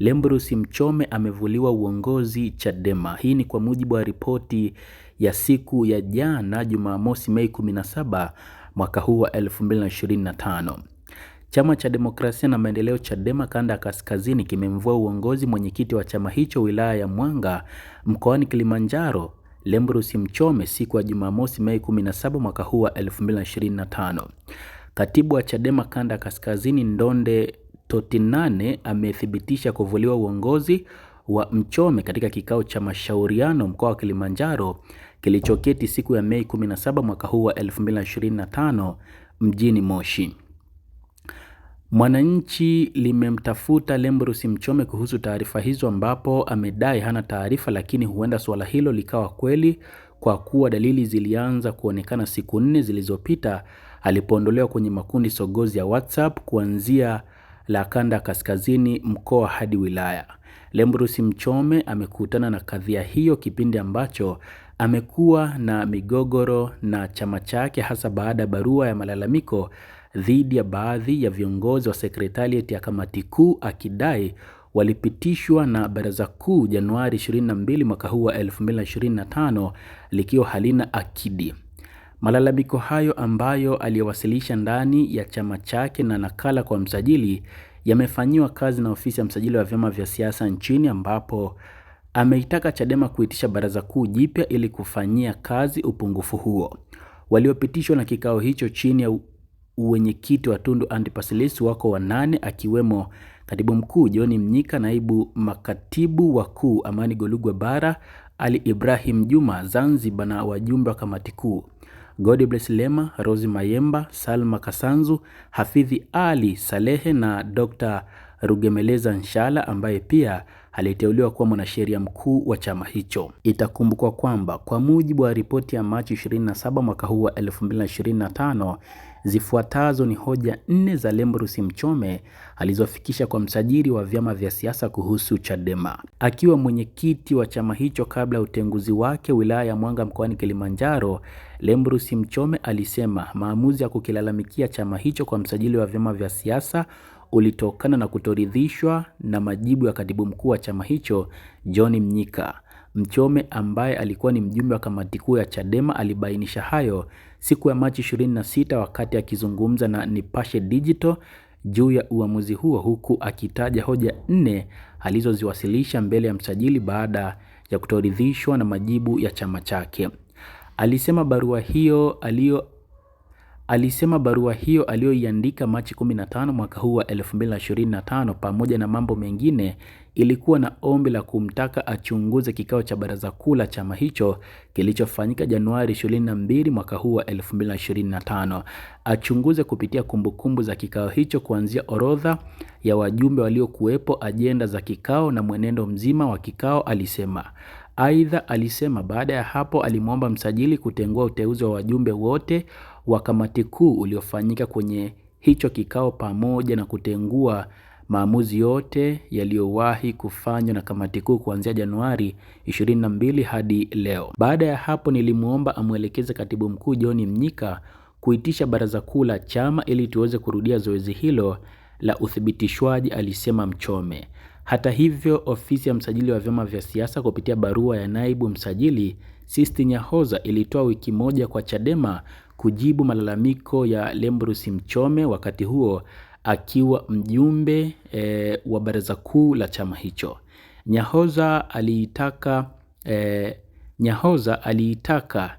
Lembrusi Mchome amevuliwa uongozi Chadema. Hii ni kwa mujibu wa ripoti ya siku ya jana Jumamosi Mei 17 mwaka huu wa 2025. Chama cha Demokrasia na Maendeleo Chadema kanda ya kaskazini kimemvua uongozi mwenyekiti wa chama hicho wilaya ya Mwanga mkoani Kilimanjaro Lembrusi Mchome siku ya Jumamosi Mei 17 mwaka huu wa 2025. Katibu wa Chadema kanda ya kaskazini Ndonde Totinane amethibitisha kuvuliwa uongozi wa Mchome katika kikao cha mashauriano mkoa wa Kilimanjaro kilichoketi siku ya Mei 17 mwaka huu wa 2025 mjini Moshi. Mwananchi limemtafuta lembrusi Mchome kuhusu taarifa hizo ambapo amedai hana taarifa, lakini huenda suala hilo likawa kweli kwa kuwa dalili zilianza kuonekana siku nne zilizopita alipoondolewa kwenye makundi sogozi ya WhatsApp kuanzia la kanda kaskazini mkoa hadi wilaya. Lembrus Mchome amekutana na kadhia hiyo kipindi ambacho amekuwa na migogoro na chama chake hasa baada ya barua ya malalamiko dhidi ya baadhi ya viongozi wa sekretarieti ya kamati kuu akidai walipitishwa na baraza kuu Januari 22 mwaka huu wa 2025 likiwa halina akidi. Malalamiko hayo ambayo aliyowasilisha ndani ya chama chake na nakala kwa msajili yamefanyiwa kazi na ofisi ya msajili wa vyama vya siasa nchini ambapo ameitaka Chadema kuitisha baraza kuu jipya ili kufanyia kazi upungufu huo. Waliopitishwa na kikao hicho chini ya uwenyekiti wa Tundu Antipas Lissu wako wanane, akiwemo katibu mkuu John Mnyika, naibu makatibu wakuu Amani Golugwa Bara, Ali Ibrahim Juma Zanzibar na wajumbe wa kamati kuu. Godbless Lema, Rosi Mayemba, Salma Kasanzu, Hafidhi Ali Salehe na Dr. Rugemeleza Nshala ambaye pia aliteuliwa kuwa mwanasheria mkuu wa chama hicho. Itakumbukwa kwamba kwa mujibu wa ripoti ya Machi 27 mwaka huu wa 2025 Zifuatazo ni hoja nne za Lembrus Mchome alizofikisha kwa msajili wa vyama vya siasa kuhusu Chadema. Akiwa mwenyekiti wa chama hicho kabla ya utenguzi wake wilaya ya Mwanga mkoani Kilimanjaro, Lembrus Mchome alisema maamuzi ya kukilalamikia chama hicho kwa msajili wa vyama vya siasa ulitokana na kutoridhishwa na majibu ya katibu mkuu wa chama hicho John Mnyika. Mchome ambaye alikuwa ni mjumbe wa kamati kuu ya Chadema alibainisha hayo siku ya Machi 26 wakati akizungumza na Nipashe Digital juu ya uamuzi huo huku akitaja hoja nne alizoziwasilisha mbele ya msajili baada ya kutoridhishwa na majibu ya chama chake. Alisema barua hiyo aliyo Alisema barua hiyo aliyoiandika Machi 15 mwaka huu wa 2025 pamoja na mambo mengine ilikuwa na ombi la kumtaka achunguze kikao cha baraza kuu la chama hicho kilichofanyika Januari 22 mwaka huu wa 2025, achunguze kupitia kumbukumbu za kikao hicho kuanzia orodha ya wajumbe waliokuwepo, ajenda za kikao na mwenendo mzima wa kikao, alisema. Aidha, alisema baada ya hapo alimwomba msajili kutengua uteuzi wa wajumbe wote wa kamati kuu uliofanyika kwenye hicho kikao pamoja na kutengua maamuzi yote yaliyowahi kufanywa na kamati kuu kuanzia Januari 22 hadi leo. Baada ya hapo, nilimwomba amwelekeze katibu mkuu John Mnyika kuitisha baraza kuu la chama ili tuweze kurudia zoezi hilo la uthibitishwaji, alisema Mchome. Hata hivyo, ofisi ya msajili wa vyama vya siasa kupitia barua ya naibu msajili Sisti Nyahoza ilitoa wiki moja kwa Chadema kujibu malalamiko ya Lembrus Mchome wakati huo akiwa mjumbe e, wa baraza kuu la chama hicho. Nyahoza aliitaka e, Nyahoza aliitaka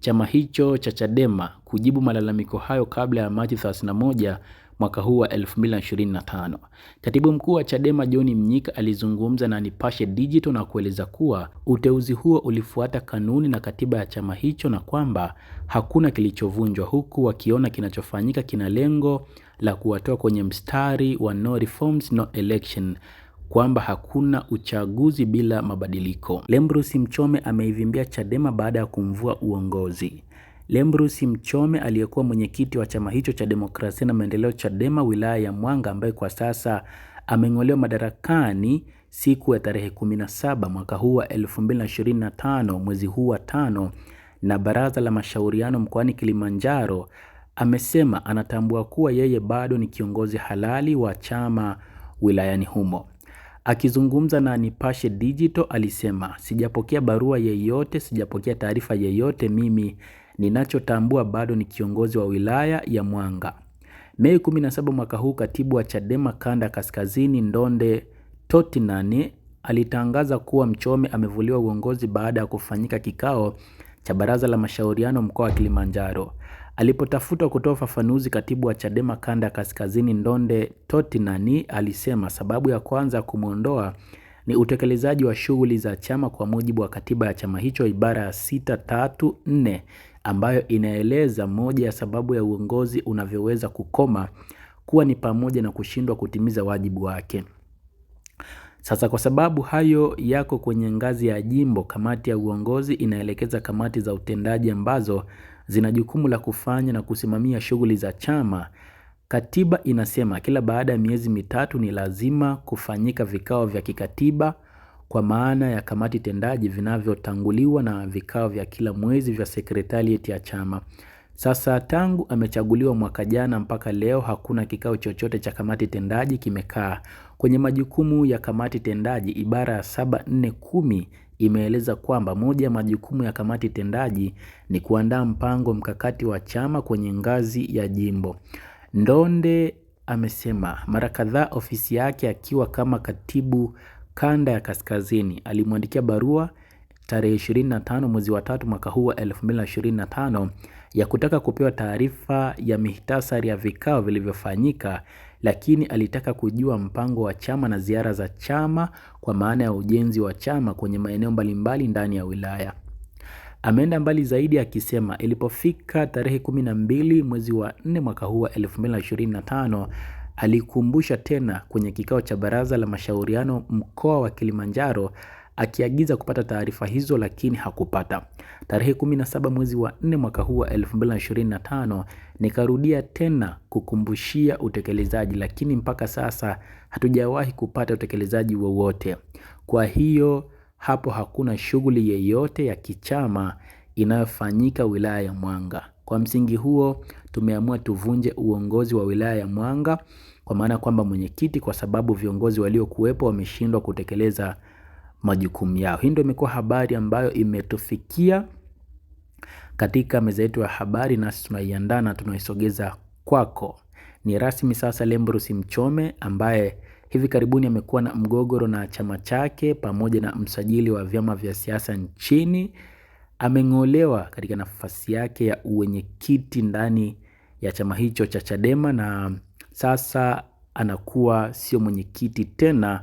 chama hicho cha Chadema kujibu malalamiko hayo kabla ya Machi 31 mwaka huu wa 2025. Katibu mkuu wa Chadema John Mnyika alizungumza na Nipashe Digital na kueleza kuwa uteuzi huo ulifuata kanuni na katiba ya chama hicho na kwamba hakuna kilichovunjwa, huku wakiona kinachofanyika kina lengo la kuwatoa kwenye mstari wa no reforms, no election kwamba hakuna uchaguzi bila mabadiliko. lembrusi Mchome ameivimbia Chadema baada ya kumvua uongozi. Lembrusi Mchome aliyekuwa mwenyekiti wa chama hicho cha demokrasia na maendeleo Chadema wilaya ya Mwanga ambaye kwa sasa ameng'olewa madarakani siku ya tarehe 17 mwaka huu wa 2025 mwezi huu wa tano na baraza la mashauriano mkoani Kilimanjaro amesema anatambua kuwa yeye bado ni kiongozi halali wa chama wilayani humo. Akizungumza na Nipashe Digital alisema, sijapokea barua yeyote, sijapokea taarifa yeyote mimi Ninachotambua bado ni kiongozi wa wilaya ya Mwanga. Mei 17 mwaka huu katibu wa Chadema kanda kaskazini Ndonde Totinani alitangaza kuwa Mchome amevuliwa uongozi baada ya kufanyika kikao cha baraza la mashauriano mkoa wa Kilimanjaro. Alipotafutwa kutoa ufafanuzi, katibu wa Chadema kanda ya kaskazini Ndonde Totinani alisema sababu ya kwanza kumwondoa ni utekelezaji wa shughuli za chama kwa mujibu wa katiba ya chama hicho ibara ya sita ambayo inaeleza moja ya sababu ya uongozi unavyoweza kukoma kuwa ni pamoja na kushindwa kutimiza wajibu wake. Sasa kwa sababu hayo yako kwenye ngazi ya jimbo, kamati ya uongozi inaelekeza kamati za utendaji ambazo zina jukumu la kufanya na kusimamia shughuli za chama. Katiba inasema kila baada ya miezi mitatu ni lazima kufanyika vikao vya kikatiba kwa maana ya kamati tendaji vinavyotanguliwa na vikao vya kila mwezi vya sekretarieti ya chama. Sasa tangu amechaguliwa mwaka jana mpaka leo hakuna kikao chochote cha kamati tendaji kimekaa. Kwenye majukumu ya kamati tendaji ibara ya saba nne kumi imeeleza kwamba moja ya majukumu ya kamati tendaji ni kuandaa mpango mkakati wa chama kwenye ngazi ya jimbo. Ndonde amesema mara kadhaa ofisi yake akiwa kama katibu kanda ya kaskazini alimwandikia barua tarehe 25 mwezi wa tatu mwaka huu wa 2025 ya kutaka kupewa taarifa ya mihtasari ya vikao vilivyofanyika, lakini alitaka kujua mpango wa chama na ziara za chama kwa maana ya ujenzi wa chama kwenye maeneo mbalimbali ndani ya wilaya. Ameenda mbali zaidi akisema ilipofika tarehe 12 mwezi wa 4 mwaka huu wa 2025 alikumbusha tena kwenye kikao cha baraza la mashauriano mkoa wa Kilimanjaro akiagiza kupata taarifa hizo lakini hakupata. Tarehe 17 mwezi wa 4 mwaka huu wa 2025 nikarudia tena kukumbushia utekelezaji, lakini mpaka sasa hatujawahi kupata utekelezaji wowote. Kwa hiyo hapo hakuna shughuli yeyote ya kichama inayofanyika wilaya ya Mwanga. Kwa msingi huo, tumeamua tuvunje uongozi wa wilaya ya Mwanga kwa maana kwamba mwenyekiti kwa sababu viongozi waliokuwepo wameshindwa kutekeleza majukumu yao. Hii ndio imekuwa habari ambayo imetufikia katika meza yetu ya habari nasi tunaiandaa na tunaisogeza kwako. Ni rasmi sasa Lembrus Mchome ambaye hivi karibuni amekuwa na mgogoro na chama chake pamoja na msajili wa vyama vya siasa nchini ameng'olewa katika nafasi yake ya uwenyekiti ndani ya chama hicho cha Chadema na sasa anakuwa sio mwenyekiti tena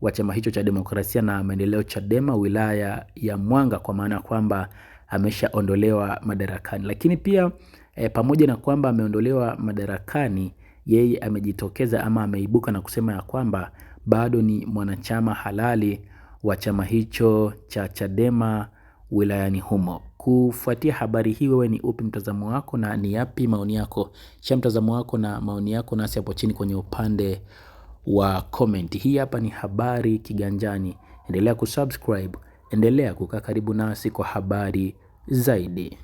wa chama hicho cha demokrasia na maendeleo Chadema wilaya ya Mwanga, kwa maana kwamba ameshaondolewa madarakani. Lakini pia e, pamoja na kwamba ameondolewa madarakani, yeye amejitokeza ama ameibuka na kusema ya kwamba bado ni mwanachama halali wa chama hicho cha Chadema wilayani humo. Kufuatia habari hii, wewe ni upi mtazamo wako na ni yapi maoni yako? cha mtazamo wako na maoni yako nasi hapo chini kwenye upande wa comment. Hii hapa ni Habari Kiganjani. Endelea kusubscribe, endelea kukaa karibu nasi kwa habari zaidi.